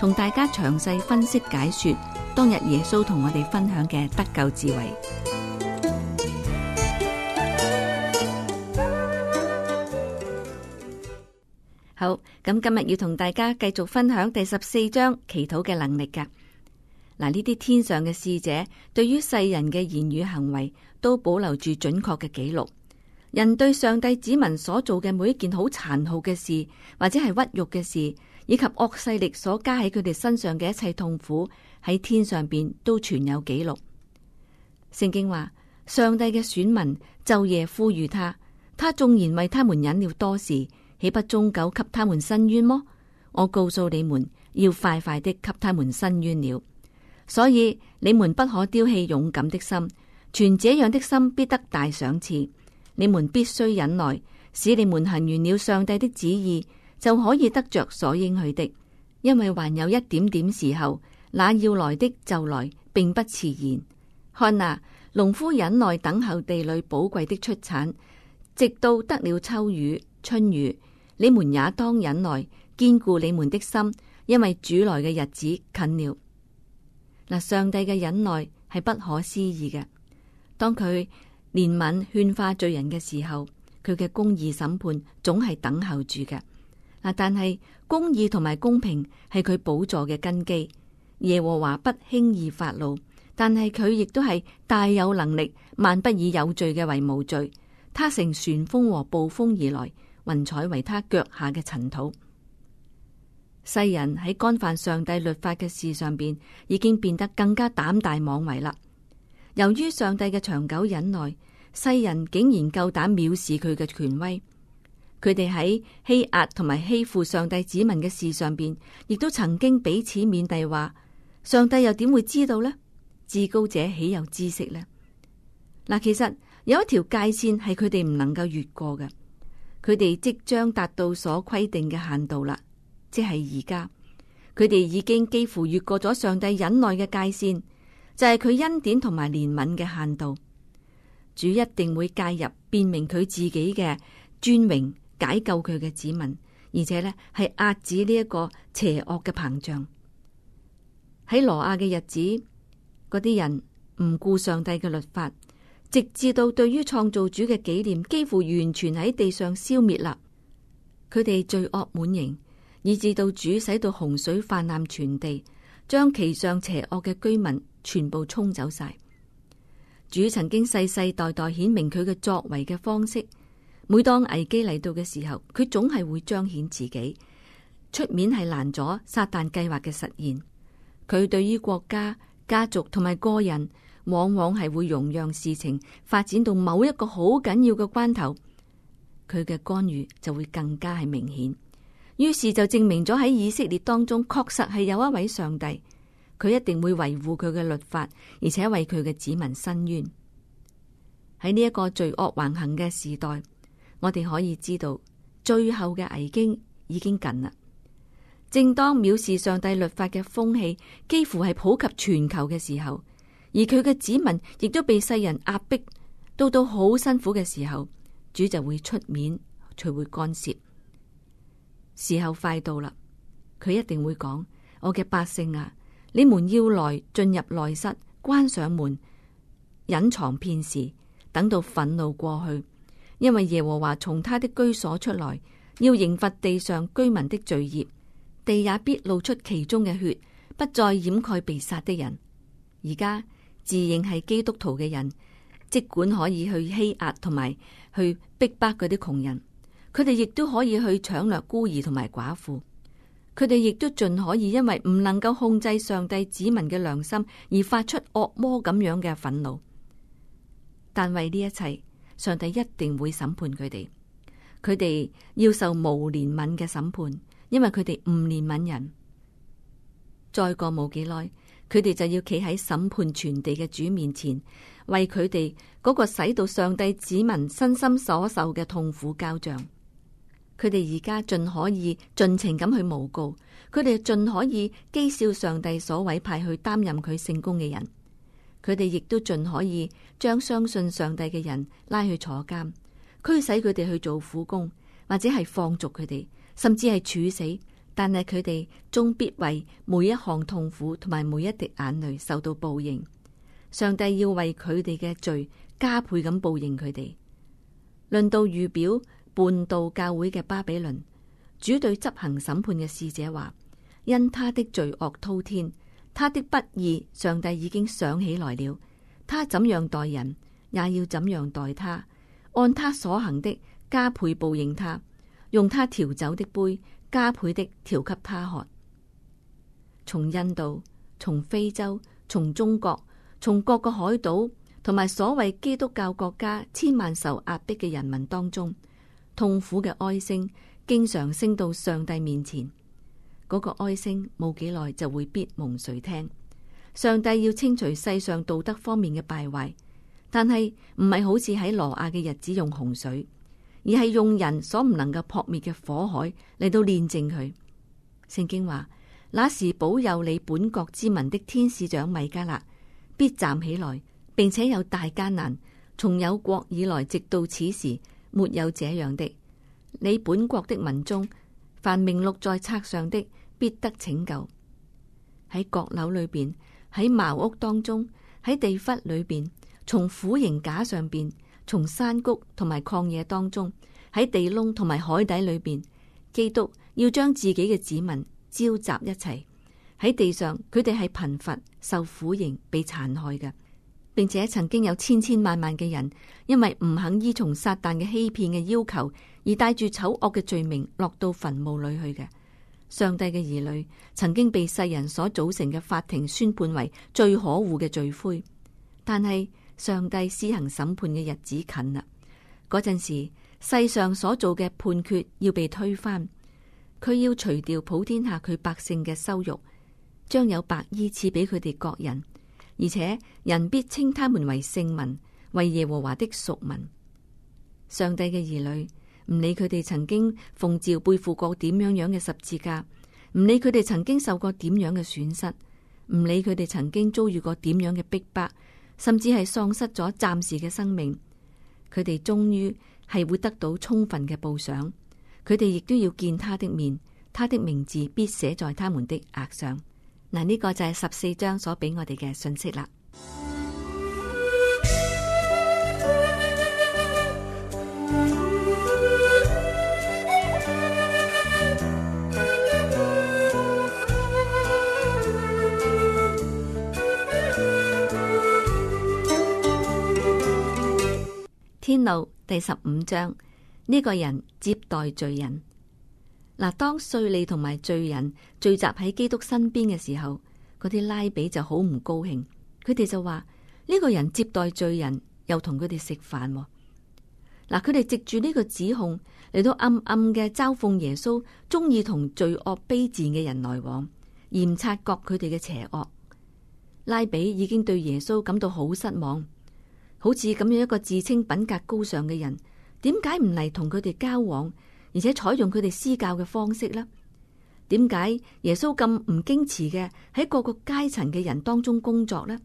同大家詳細分析解說，當日耶穌同我哋分享嘅得救智慧。好，咁今日要同大家繼續分享第十四章祈禱嘅能力㗎。嗱，呢啲天上嘅使者對於世人嘅言語行為都保留住準確嘅記錄。人對上帝子民所做嘅每一件好殘酷嘅事，或者係屈辱嘅事。以及惡勢力所加喺佢哋身上嘅一切痛苦，喺天上邊都存有記錄。聖經話：上帝嘅選民晝夜呼籲他，他縱然為他們忍了多時，豈不終久給他們伸冤麼？我告訴你們，要快快的給他們伸冤了。所以你們不可丟棄勇敢的心，存這樣的心必得大賞賜。你們必須忍耐，使你們行完了上帝的旨意，就可以得着所應許的，因為還有一點點時候，那要來的就來，並不遲延。看啊，農夫忍耐等候地裏寶貴的出產，直到得了秋雨、春雨。你們也當忍耐，堅固你們的心，因為主來嘅日子近了。嗱，上帝嘅忍耐係不可思議嘅。當佢憐憫勸化罪人嘅時候，佢嘅公義審判總係等候住嘅。嗱，但係公義同埋公平係佢寶座嘅根基。耶和華不輕易發怒，但係佢亦都係大有能力，萬不以有罪嘅為無罪。他乘旋風和暴風而來，雲彩為他腳下嘅塵土。世人喺干犯上帝律法嘅事上邊，已經變得更加膽大妄為啦。由於上帝嘅長久忍耐，世人竟然夠膽藐視佢嘅權威。佢哋喺欺壓同埋欺負上帝子民嘅事上邊，亦都曾經彼此勉勵話：上帝又點會知道呢？至高者豈有知識呢？嗱，其實有一條界線係佢哋唔能夠越過嘅，佢哋即將達到所規定嘅限度啦。即係而家，佢哋已經幾乎越過咗上帝忍耐嘅界線，就係佢恩典同埋憐憫嘅限度。主一定會介入，辨明佢自己嘅尊榮。解救佢嘅子民，而且呢，係遏止呢一個邪惡嘅膨脹。喺羅亞嘅日子，嗰啲人唔顧上帝嘅律法，直至到對於創造主嘅紀念幾乎完全喺地上消滅啦。佢哋罪惡滿盈，以致到主使到洪水氾濫全地，將其上邪惡嘅居民全部沖走晒。主曾經世世代代顯明佢嘅作為嘅方式。每當危機嚟到嘅時候，佢總係會彰顯自己出面係攔阻撒旦計劃嘅實現。佢對於國家、家族同埋個人，往往係會容讓事情發展到某一個好緊要嘅關頭，佢嘅干預就會更加係明顯。於是就證明咗喺以色列當中，確實係有一位上帝，佢一定會維護佢嘅律法，而且為佢嘅子民申冤。喺呢一個罪惡橫行嘅時代，我哋可以知道，最後嘅危機已經近啦。正當藐視上帝律法嘅風氣幾乎係普及全球嘅時候，而佢嘅子民亦都被世人壓迫，到到好辛苦嘅時候，主就會出面，才會干涉。時候快到啦，佢一定會講：我嘅百姓啊，你們要來進入內室，關上門，隱藏片時，等到憤怒過去。因為耶和華從他的居所出來，要刑罰地上居民的罪孽，地也必露出其中嘅血，不再掩蓋被殺的人。而家自認係基督徒嘅人，即管可以去欺壓同埋去逼迫嗰啲窮人，佢哋亦都可以去搶掠孤兒同埋寡婦，佢哋亦都盡可以因為唔能夠控制上帝子民嘅良心而發出惡魔咁樣嘅憤怒。但為呢一切。上帝一定會審判佢哋，佢哋要受無憐憫嘅審判，因為佢哋唔憐憫人。再過冇幾耐，佢哋就要企喺審判全地嘅主面前，為佢哋嗰個使到上帝子民身心所受嘅痛苦交賬。佢哋而家盡可以盡情咁去誣告，佢哋盡可以譏笑上帝所委派去擔任佢聖工嘅人。佢哋亦都盡可以將相信上帝嘅人拉去坐監，驅使佢哋去做苦工，或者係放逐佢哋，甚至係處死。但係佢哋終必為每一項痛苦同埋每一滴眼淚受到報應。上帝要為佢哋嘅罪加倍咁報應佢哋。論到預表叛道教會嘅巴比倫，主對執行審判嘅使者話：因他的罪惡滔天。他的不義，上帝已經想起來了。他怎樣待人，也要怎樣待他，按他所行的加倍報應他，用他調酒的杯加倍的調給他喝。從印度、從非洲、從中國、從各個海島同埋所謂基督教國家千萬受壓迫嘅人民當中，痛苦嘅哀聲，經常升到上帝面前。嗰、那個哀聲冇幾耐就會必蒙垂聽？上帝要清除世上道德方面嘅敗壞，但係唔係好似喺羅亞嘅日子用洪水，而係用人所唔能夠撲滅嘅火海嚟到煉淨佢。聖經話：那時保佑你本國之民的天使長米迦勒必站起來，並且有大艱難，從有國以來直到此時沒有這樣的。你本國的民中，凡名錄在冊上的。必得拯救。喺閣樓裏邊，喺茅屋當中，喺地窟裏邊，從苦刑架上邊，從山谷同埋曠野當中，喺地窿同埋海底裏邊，基督要將自己嘅子民召集一齊。喺地上，佢哋係貧乏、受苦刑、被殘害嘅，並且曾經有千千萬萬嘅人，因為唔肯依從撒旦嘅欺騙嘅要求，而帶住醜惡嘅罪名落到墳墓裏去嘅。上帝嘅兒女曾經被世人所組成嘅法庭宣判為最可惡嘅罪魁，但係上帝施行審判嘅日子近啦。嗰陣時，世上所做嘅判決要被推翻，佢要除掉普天下佢百姓嘅羞辱，將有白衣賜俾佢哋各人，而且人必稱他們為聖民，為耶和華的屬民。上帝嘅兒女。唔理佢哋曾經奉召背負過點樣樣嘅十字架，唔理佢哋曾經受過點樣嘅損失，唔理佢哋曾經遭遇過點樣嘅逼迫，甚至係喪失咗暫時嘅生命，佢哋終於係會得到充分嘅報賞。佢哋亦都要見他的面，他的名字必寫在他們的額上。嗱，呢個就係十四章所俾我哋嘅信息啦。第十五章，呢個人接待罪人。嗱，當稅吏同埋罪人聚集喺基督身邊嘅時候，啲拉比就好唔高興，佢哋就話，呢個人接待罪人，又同佢哋食飯。嗱，佢哋藉住呢個指控嚟到暗暗嘅嘲諷耶穌，中意同罪惡卑賤嘅人來往，嚴察覺佢哋嘅邪惡。拉比已經對耶穌感到好失望。好似咁樣一個自稱品格高尚嘅人，點解唔嚟同佢哋交往，而且採用佢哋施教嘅方式呢？點解耶穌咁唔矜持嘅，喺各個階層嘅人當中工作呢？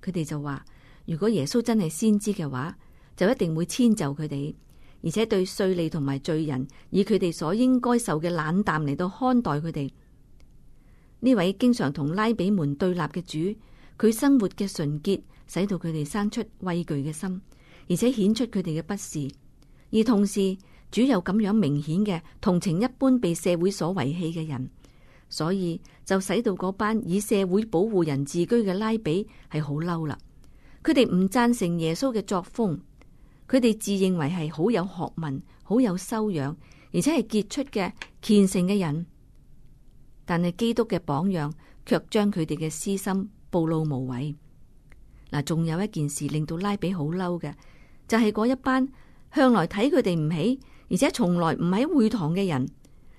佢哋就話：如果耶穌真係先知嘅話，就一定會遷就佢哋，而且對稅吏同埋罪人以佢哋所應該受嘅冷淡嚟到看待佢哋。呢位經常同拉比們對立嘅主，佢生活嘅純潔。使到佢哋生出畏懼嘅心，而且顯出佢哋嘅不是。而同時，主有咁樣明顯嘅同情一般被社會所遺棄嘅人，所以就使到嗰班以社會保護人自居嘅拉比係好嬲啦。佢哋唔贊成耶穌嘅作風，佢哋自認為係好有學問、好有修養，而且係傑出嘅虔誠嘅人，但係基督嘅榜樣卻將佢哋嘅私心暴露無遺。嗱，仲有一件事令到拉比好嬲嘅，就係、是、嗰一班向來睇佢哋唔起，而且從來唔喺會堂嘅人，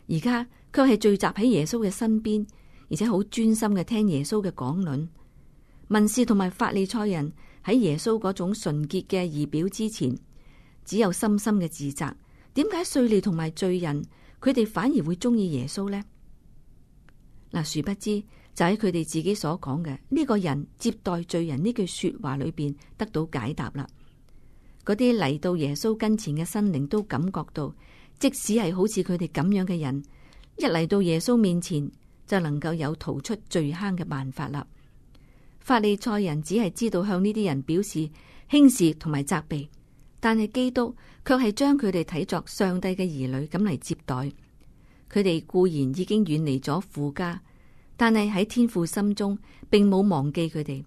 而家卻係聚集喺耶穌嘅身邊，而且好專心嘅聽耶穌嘅講論。文士同埋法利賽人喺耶穌嗰種純潔嘅儀表之前，只有深深嘅自責，點解稅吏同埋罪人佢哋反而會中意耶穌呢？嗱，殊不知。就喺佢哋自己所講嘅呢個人接待罪人呢句說話裏邊得到解答啦。嗰啲嚟到耶穌跟前嘅生靈都感覺到，即使係好似佢哋咁樣嘅人，一嚟到耶穌面前就能夠有逃出罪坑嘅辦法啦。法利賽人只係知道向呢啲人表示輕視同埋責備，但係基督卻係將佢哋睇作上帝嘅兒女咁嚟接待。佢哋固然已經遠離咗父家。但係喺天父心中，並冇忘記佢哋，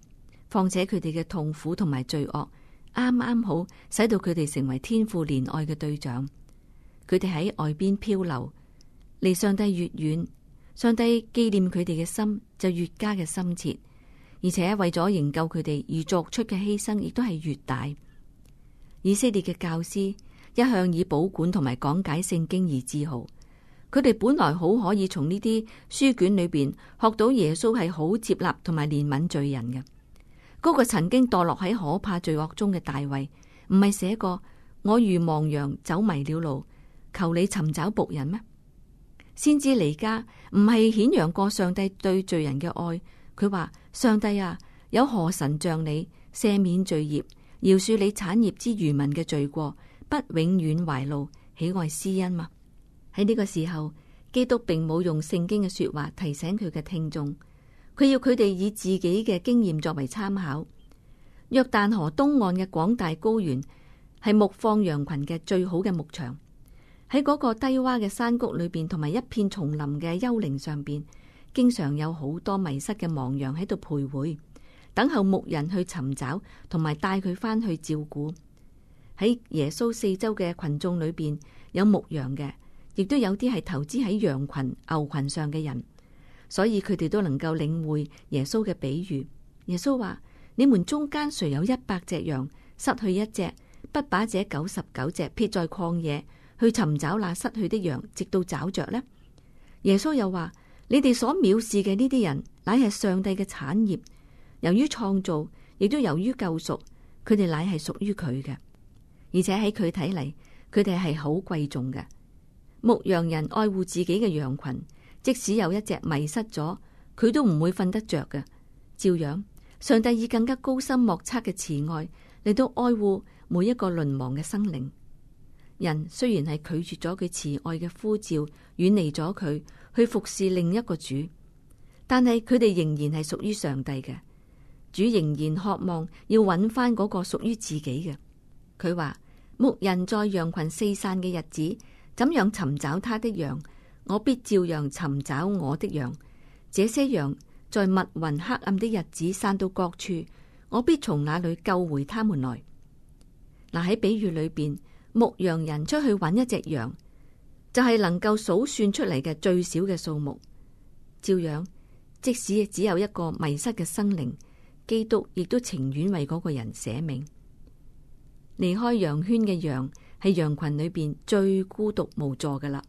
況且佢哋嘅痛苦同埋罪惡，啱啱好使到佢哋成為天父憐愛嘅對象。佢哋喺外邊漂流，離上帝越遠，上帝紀念佢哋嘅心就越加嘅深切，而且為咗營救佢哋而作出嘅犧牲，亦都係越大。以色列嘅教師一向以保管同埋講解聖經而自豪。佢哋本來好可以從呢啲書卷裏邊學到耶穌係好接納同埋憐憫罪人嘅。嗰個曾經墮落喺可怕罪惡中嘅大衛，唔係寫過我如亡羊走迷了路，求你尋找僕人咩？先知彌迦唔係顯揚過上帝對罪人嘅愛？佢話上帝啊，有何神像你赦免罪孽，饒恕你產業之餘民嘅罪過，不永遠懷怒，喜愛施恩嘛。」喺呢個時候，基督並冇用聖經嘅說話提醒佢嘅聽眾，佢要佢哋以自己嘅經驗作為參考。約旦河東岸嘅廣大高原係牧放羊群嘅最好嘅牧場。喺嗰個低洼嘅山谷裏邊，同埋一片松林嘅幽靈上邊，經常有好多迷失嘅亡羊喺度徘徊，等候牧人去尋找，同埋帶佢翻去照顧。喺耶穌四周嘅群眾裏邊，有牧羊嘅。亦都有啲係投資喺羊群、牛群上嘅人，所以佢哋都能夠領會耶穌嘅比喻。耶穌話：你們中間誰有一百隻羊，失去一隻，不把這九十九隻撇在曠野，去尋找那失去的羊，直到找着呢？耶穌又話：你哋所藐視嘅呢啲人，乃係上帝嘅產業，由於創造，亦都由於救贖，佢哋乃係屬於佢嘅，而且喺佢睇嚟，佢哋係好貴重嘅。牧羊人愛護自己嘅羊群，即使有一隻迷失咗，佢都唔會瞓得着嘅。照樣，上帝以更加高深莫測嘅慈愛嚟到愛護每一個淪亡嘅生靈。人雖然係拒絕咗佢慈愛嘅呼召，遠離咗佢，去服侍另一個主，但係佢哋仍然係屬於上帝嘅。主仍然渴望要揾翻嗰個屬於自己嘅。佢話，牧人在羊群四散嘅日子，怎樣尋找他的羊，我必照樣尋找我的羊。這些羊在密雲黑暗的日子散到各處，我必從那裏救回他們來。嗱喺比喻裏邊，牧羊人出去揾一隻羊，就係、是、能夠數算出嚟嘅最少嘅數目。照樣，即使只有一個迷失嘅生靈，基督亦都情願為嗰個人捨命。離開羊圈嘅羊。係羊群裏邊最孤獨無助㗎喇，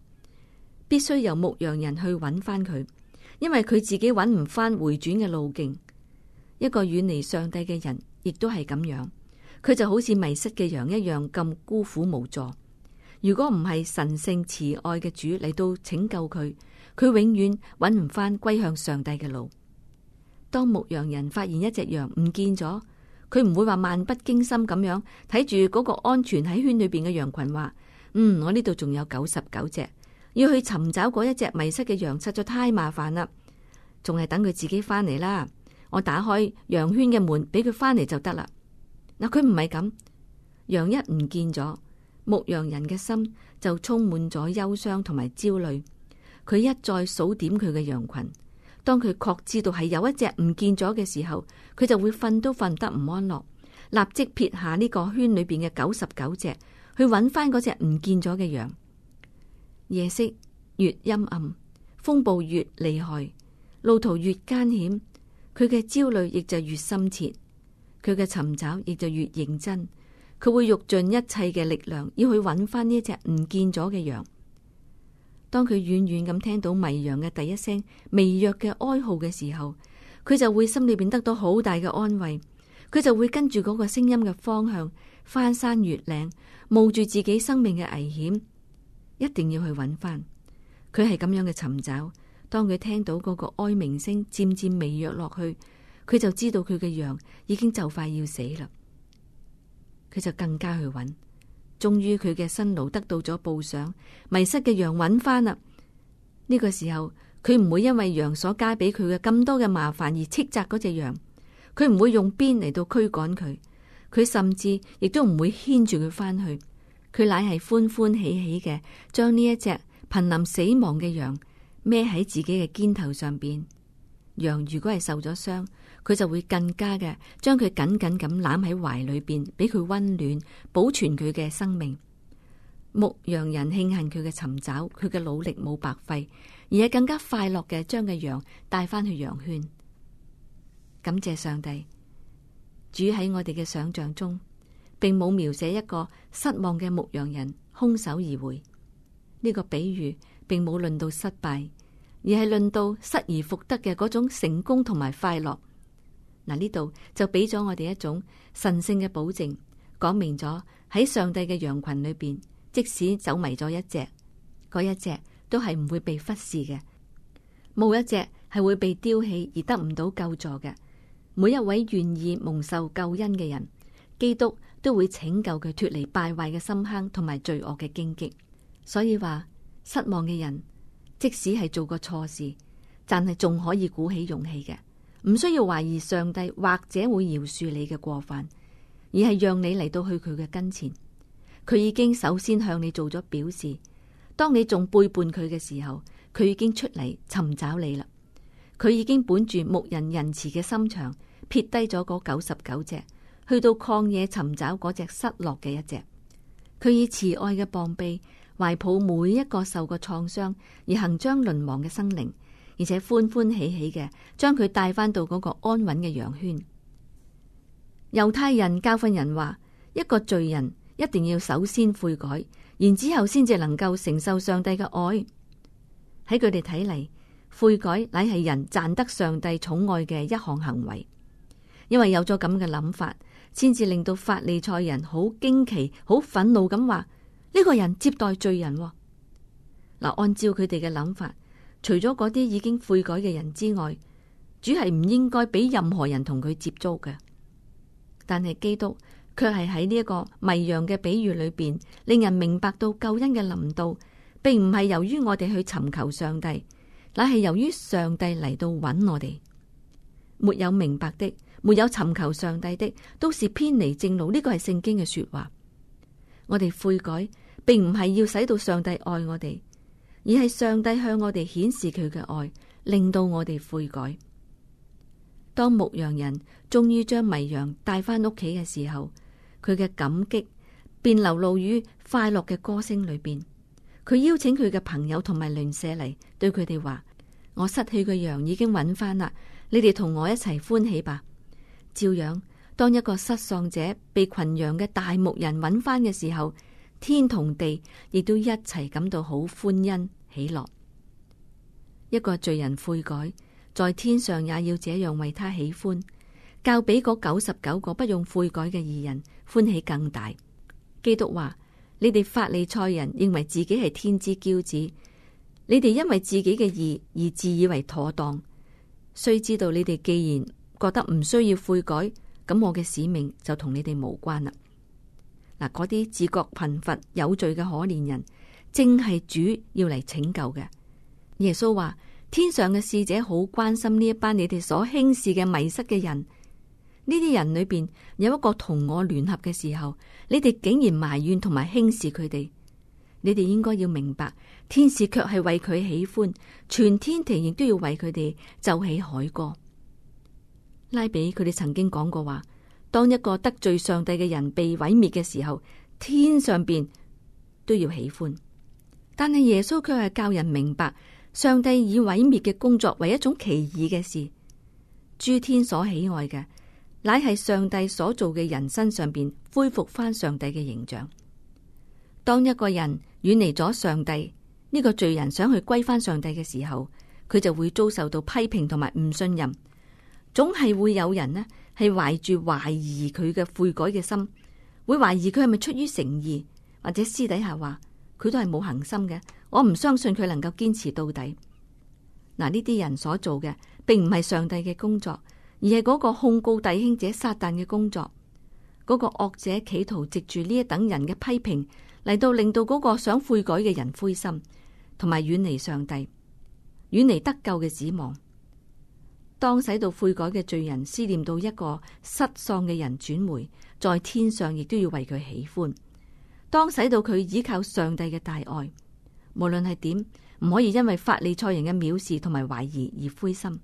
必須由牧羊人去揾翻佢，因為佢自己揾唔翻回轉嘅路徑。一個遠離上帝嘅人，亦都係咁樣，佢就好似迷失嘅羊一樣咁孤苦無助。如果唔係神聖慈愛嘅主嚟到拯救佢，佢永遠揾唔翻歸向上帝嘅路。當牧羊人發現一隻羊唔見咗。佢唔會話漫不經心咁樣睇住嗰個安全喺圈裏邊嘅羊群話，嗯，我呢度仲有九十九隻，要去尋找嗰一隻迷失嘅羊，實在太麻煩啦，仲係等佢自己翻嚟啦。我打開羊圈嘅門，俾佢翻嚟就得啦。嗱，佢唔係咁，羊一唔見咗，牧羊人嘅心就充滿咗憂傷同埋焦慮，佢一再數點佢嘅羊群。當佢確知道係有一隻唔見咗嘅時候，佢就會瞓都瞓得唔安樂，立即撇下呢個圈裏邊嘅九十九隻去揾翻嗰隻唔見咗嘅羊。夜色越陰暗，風暴越厲害，路途越艱險，佢嘅焦慮亦就越深切，佢嘅尋找亦就越認真，佢會用盡一切嘅力量要去揾翻呢一隻唔見咗嘅羊。當佢遠遠咁聽到迷羊嘅第一聲微弱嘅哀號嘅時候，佢就會心裏邊得到好大嘅安慰，佢就會跟住嗰個聲音嘅方向翻山越嶺，冒住自己生命嘅危險，一定要去揾翻。佢係咁樣嘅尋找。當佢聽到嗰個哀鳴聲漸漸微弱落去，佢就知道佢嘅羊已經就快要死啦，佢就更加去揾。終於佢嘅辛勞得到咗報賞，迷失嘅羊揾翻啦。呢個時候，佢唔會因為羊所加俾佢嘅咁多嘅麻煩而斥責嗰隻羊，佢唔會用鞭嚟到驅趕佢，佢甚至亦都唔會牽住佢翻去，佢乃係歡歡喜喜嘅將呢一隻瀕臨死亡嘅羊孭喺自己嘅肩頭上邊。羊如果係受咗傷。佢就會更加嘅將佢緊緊咁攬喺懷裏邊，俾佢溫暖，保存佢嘅生命。牧羊人慶幸佢嘅尋找，佢嘅努力冇白費，而係更加快樂嘅將個羊帶翻去羊圈。感謝上帝，主喺我哋嘅想象中，並冇描寫一個失望嘅牧羊人空手而回。呢個比喻並冇論到失敗，而係論到失而復得嘅嗰種成功同埋快樂。嗱，呢度就俾咗我哋一種神聖嘅保證，講明咗喺上帝嘅羊群裏邊，即使走迷咗一隻，嗰一隻都係唔會被忽視嘅，冇一隻係會被丟棄而得唔到救助嘅。每一位願意蒙受救恩嘅人，基督都會拯救佢脫離敗壞嘅深坑同埋罪惡嘅荊棘。所以話失望嘅人，即使係做過錯事，但係仲可以鼓起勇氣嘅。唔需要懷疑上帝或者會饒恕你嘅過犯，而係讓你嚟到去佢嘅跟前。佢已經首先向你做咗表示，當你仲背叛佢嘅時候，佢已經出嚟尋找你啦。佢已經本住牧人仁慈嘅心腸，撇低咗嗰九十九隻，去到曠野尋找嗰隻失落嘅一隻。佢以慈愛嘅膀臂，懷抱每一個受過創傷而行將淪亡嘅生靈。而且歡歡喜喜嘅，將佢帶返到嗰個安穩嘅羊圈。猶太人教訓人話：一個罪人一定要首先悔改，然之後先至能夠承受上帝嘅愛。喺佢哋睇嚟，悔改乃係人賺得上帝寵愛嘅一項行，行為。因為有咗咁嘅諗法，先至令到法利賽人好驚奇、好憤怒咁話：呢、這個人接待罪人。嗱，按照佢哋嘅諗法。除咗嗰啲已經悔改嘅人之外，主係唔應該俾任何人同佢接觸嘅。但係基督卻係喺呢一個迷羊嘅比喻裏邊，令人明白到救恩嘅臨到，並唔係由於我哋去尋求上帝，乃係由於上帝嚟到揾我哋。沒有明白的，沒有尋求上帝的，都是偏離正路。呢個係聖經嘅說話。我哋悔改，並唔係要使到上帝愛我哋。而係上帝向我哋顯示佢嘅愛，令到我哋悔改。當牧羊人終於將迷羊帶返屋企嘅時候，佢嘅感激便流露於快樂嘅歌聲裏邊。佢邀請佢嘅朋友同埋鄰舍嚟，對佢哋話：我失去嘅羊已經揾翻啦，你哋同我一齊歡喜吧。照樣，當一個失喪者被群羊嘅大牧人揾翻嘅時候，天同地亦都一齊感到好歡欣。喜樂，一個罪人悔改，在天上也要這樣為他喜歡，較比嗰九十九個不用悔改嘅義人歡喜更大。基督話：你哋法利賽人認為自己係天之驕子，你哋因為自己嘅義而自以為妥當，雖知道你哋既然覺得唔需要悔改，咁我嘅使命就同你哋無關啦。嗱，嗰啲自覺貧乏有罪嘅可憐人。正係主要嚟拯救嘅。耶穌話：天上嘅使者好關心呢一班你哋所輕視嘅迷失嘅人。呢啲人裏邊有一個同我聯合嘅時候，你哋竟然埋怨同埋輕視佢哋。你哋應該要明白，天使卻係為佢喜歡，全天庭亦都要為佢哋奏起凱歌。拉比佢哋曾經講過話：當一個得罪上帝嘅人被毀滅嘅時候，天上邊都要喜歡。但係耶穌卻係教人明白，上帝以毀滅嘅工作為一種奇異嘅事，諸天所喜愛嘅，乃係上帝所做嘅人身上邊恢復翻上帝嘅形象。當一個人遠離咗上帝，呢個罪人想去歸翻上帝嘅時候，佢就會遭受到批評同埋唔信任，總係會有人呢係懷住懷疑佢嘅悔改嘅心，會懷疑佢係咪出於誠意，或者私底下話。佢都係冇恆心嘅，我唔相信佢能夠堅持到底。嗱，呢啲人所做嘅，並唔係上帝嘅工作，而係嗰個控告弟兄者撒旦嘅工作。嗰個惡者企圖藉住呢一等人嘅批評嚟到令到嗰個想悔改嘅人灰心，同埋遠離上帝，遠離得救嘅指望。當使到悔改嘅罪人思念到一個失喪嘅人轉回，在天上亦都要為佢喜歡。當使到佢依靠上帝嘅大愛，無論係點，唔可以因為法利賽人嘅藐視同埋懷疑而灰心。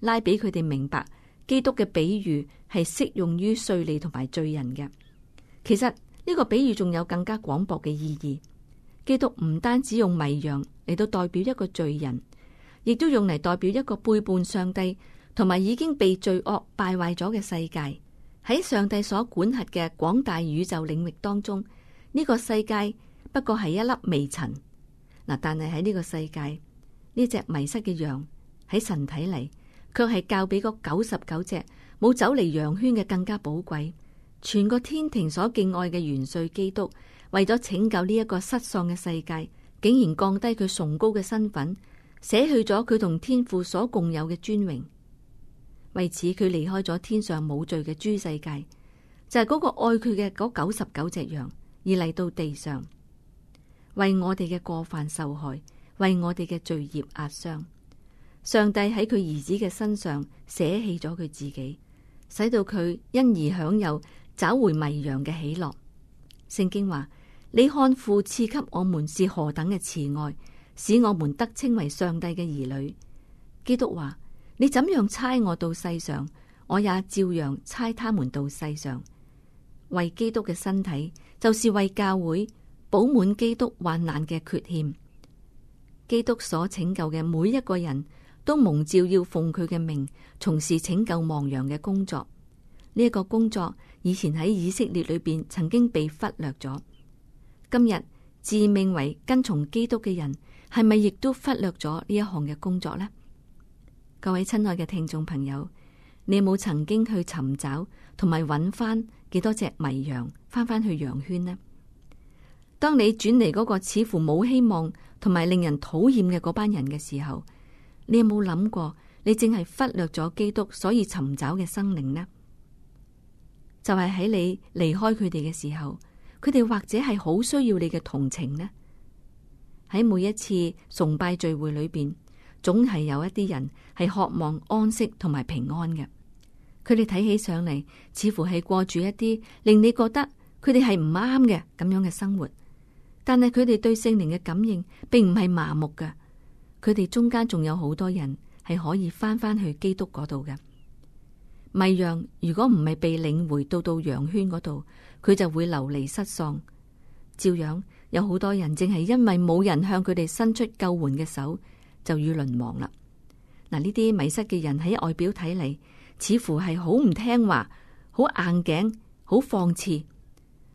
拉比佢哋明白，基督嘅比喻係適用於稅吏同埋罪人嘅。其實呢個比喻仲有更加廣博嘅意義。基督唔單止用迷羊嚟到代表一個罪人，亦都用嚟代表一個背叛上帝同埋已經被罪惡敗壞咗嘅世界喺上帝所管轄嘅廣大宇宙領域當中。呢、這個世界不過係一粒微塵嗱，但係喺呢個世界，呢隻迷失嘅羊喺神睇嚟，卻係較俾嗰九十九隻冇走離羊圈嘅更加寶貴。全個天庭所敬愛嘅元帥基督為咗拯救呢一個失喪嘅世界，竟然降低佢崇高嘅身份，捨去咗佢同天父所共有嘅尊榮。為此，佢離開咗天上冇罪嘅諸世界，就係、是、嗰個愛佢嘅嗰九十九隻羊。而嚟到地上，為我哋嘅過犯受害，為我哋嘅罪孽壓傷。上帝喺佢兒子嘅身上捨棄咗佢自己，使到佢因而享有找回迷羊嘅喜樂。聖經話：你看父賜給我們是何等嘅慈愛，使我們得稱為上帝嘅兒女。基督話：你怎樣差我到世上，我也照樣差他們到世上，為基督嘅身體。就是為教會補滿基督患難嘅缺欠。基督所拯救嘅每一個人都蒙召要奉佢嘅命，從事拯救亡羊嘅工作。呢、這、一個工作以前喺以色列裏邊曾經被忽略咗，今日自命為跟從基督嘅人，係咪亦都忽略咗呢一項嘅工作呢？各位親愛嘅聽眾朋友，你有冇曾經去尋找？同埋揾翻幾多隻迷羊，翻返去羊圈呢？當你轉嚟嗰個似乎冇希望同埋令人討厭嘅嗰班人嘅時候，你有冇諗過你淨係忽略咗基督所以尋找嘅生靈呢？就係喺你離開佢哋嘅時候，佢哋或者係好需要你嘅同情呢？喺每一次崇拜聚會裏邊，總係有一啲人係渴望安息同埋平安嘅。佢哋睇起上嚟，似乎係過住一啲令你覺得佢哋係唔啱嘅咁樣嘅生活。但係佢哋對聖靈嘅感應並唔係麻木嘅。佢哋中間仲有好多人係可以翻返去基督嗰度嘅迷羊。如果唔係被領回到到羊圈嗰度，佢就會流離失喪。照樣有好多人正係因為冇人向佢哋伸出救援嘅手，就要淪亡啦。嗱，呢啲迷失嘅人喺外表睇嚟，似乎係好唔聽話，好硬頸，好放肆。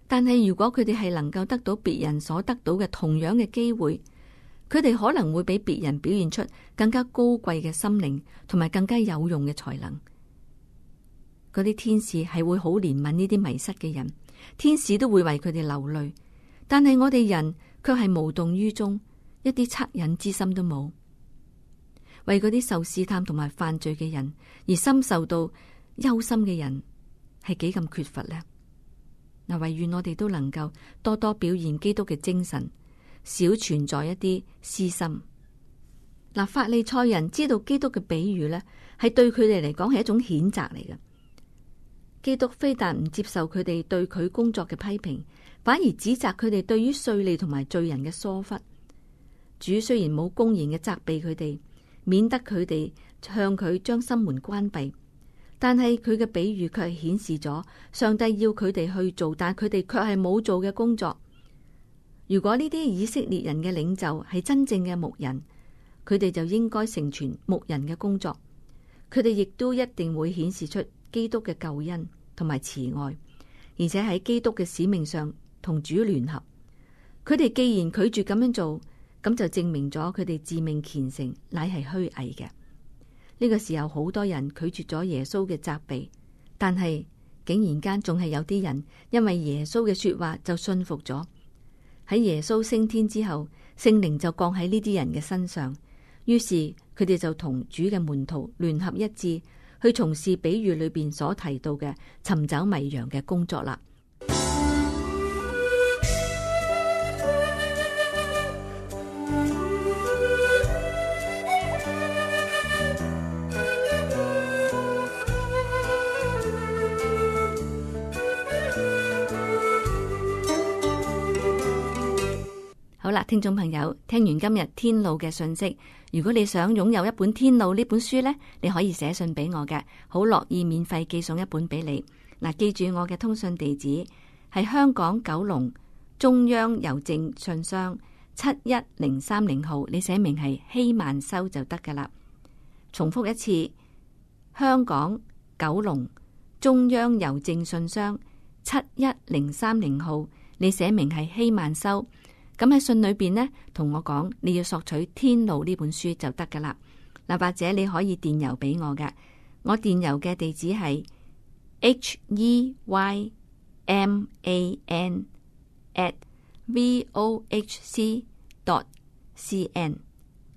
但係如果佢哋係能夠得到別人所得到嘅同樣嘅機會，佢哋可能會比別人表現出更加高貴嘅心靈，同埋更加有用嘅才能。嗰啲天使係會好憐憫呢啲迷失嘅人，天使都會為佢哋流淚。但係我哋人卻係無動於衷，一啲惻隱之心都冇。為嗰啲受試探同埋犯罪嘅人而深受到憂心嘅人係幾咁缺乏呢？嗱，唯願我哋都能夠多多表現基督嘅精神，少存在一啲私心。嗱，法利賽人知道基督嘅比喻呢，係對佢哋嚟講係一種譴責嚟嘅。基督非但唔接受佢哋對佢工作嘅批評，反而指責佢哋對於稅吏同埋罪人嘅疏忽。主雖然冇公然嘅責備佢哋，免得佢哋向佢將心門關閉，但係佢嘅比喻卻顯示咗上帝要佢哋去做，但佢哋卻係冇做嘅工作。如果呢啲以色列人嘅領袖係真正嘅牧人，佢哋就應該成全牧人嘅工作，佢哋亦都一定會顯示出基督嘅救恩同埋慈愛，而且喺基督嘅使命上同主聯合。佢哋既然拒絕咁樣做，咁就證明咗佢哋自命虔誠乃係虛偽嘅。呢個時候好多人拒絕咗耶穌嘅責備，但係竟然間仲係有啲人因為耶穌嘅說話就信服咗。喺耶穌升天之後，聖靈就降喺呢啲人嘅身上，於是佢哋就同主嘅門徒聯合一致去從事比喻裏邊所提到嘅尋找迷羊嘅工作啦。好啦，聽眾朋友，聽完今日天路嘅信息，如果你想擁有一本天路呢本書咧，你可以寫信俾我嘅，好樂意免費寄送一本俾你嗱。記住我嘅通訊地址係香港九龍中央郵政信箱七一零三零號，你寫明係希曼修就得噶啦。重複一次，香港九龍中央郵政信箱七一零三零號，你寫明係希曼修。咁喺信裏邊呢，同我講你要索取《天路》呢本書就得噶啦。或者你可以電郵俾我嘅，我電郵嘅地址係 h e y m a n at v o h c dot c n。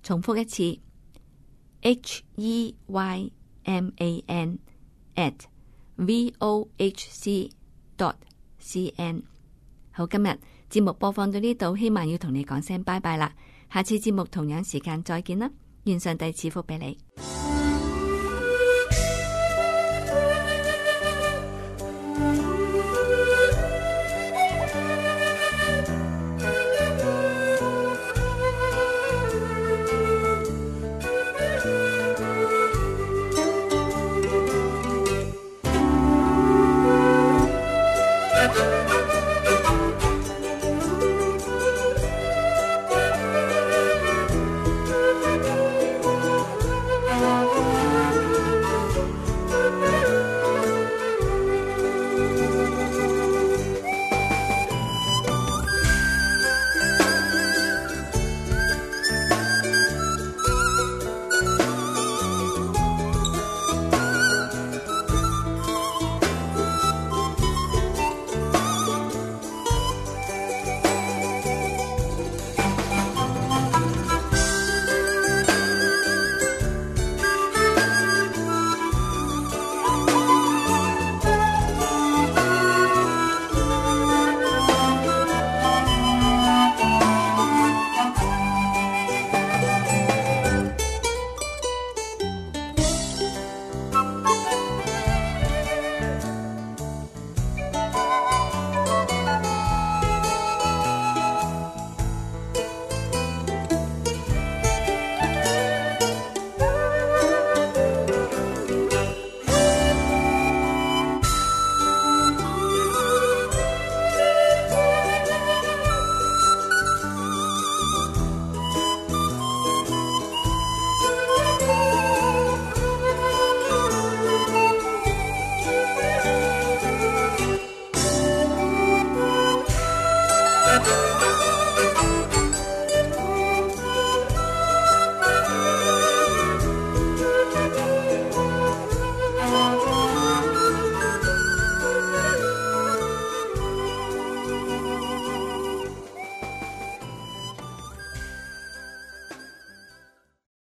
重複一次 h e y m a n at v o h c dot c n。好，今日。節目播放到呢度，希望要同你講聲拜拜啦。下次節目同樣時間再見啦。願上帝賜福俾你。